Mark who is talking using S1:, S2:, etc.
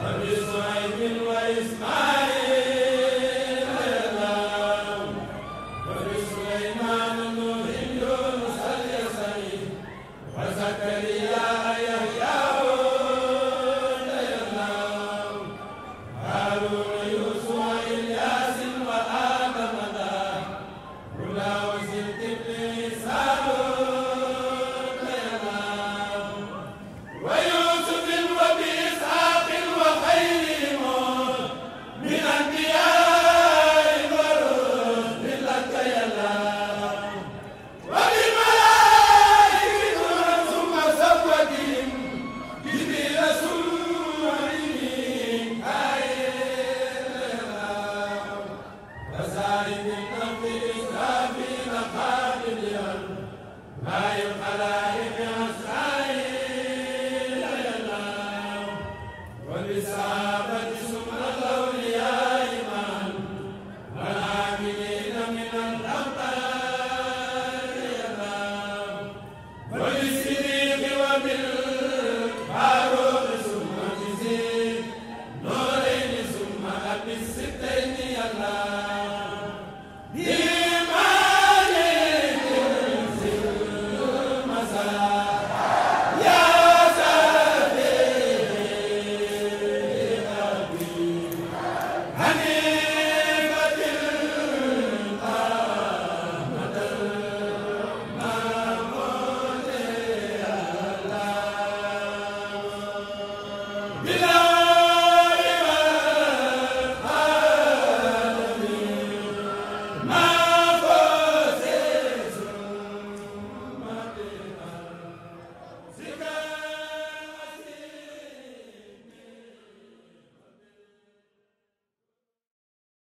S1: وبشعيب وإسماعيل Amen.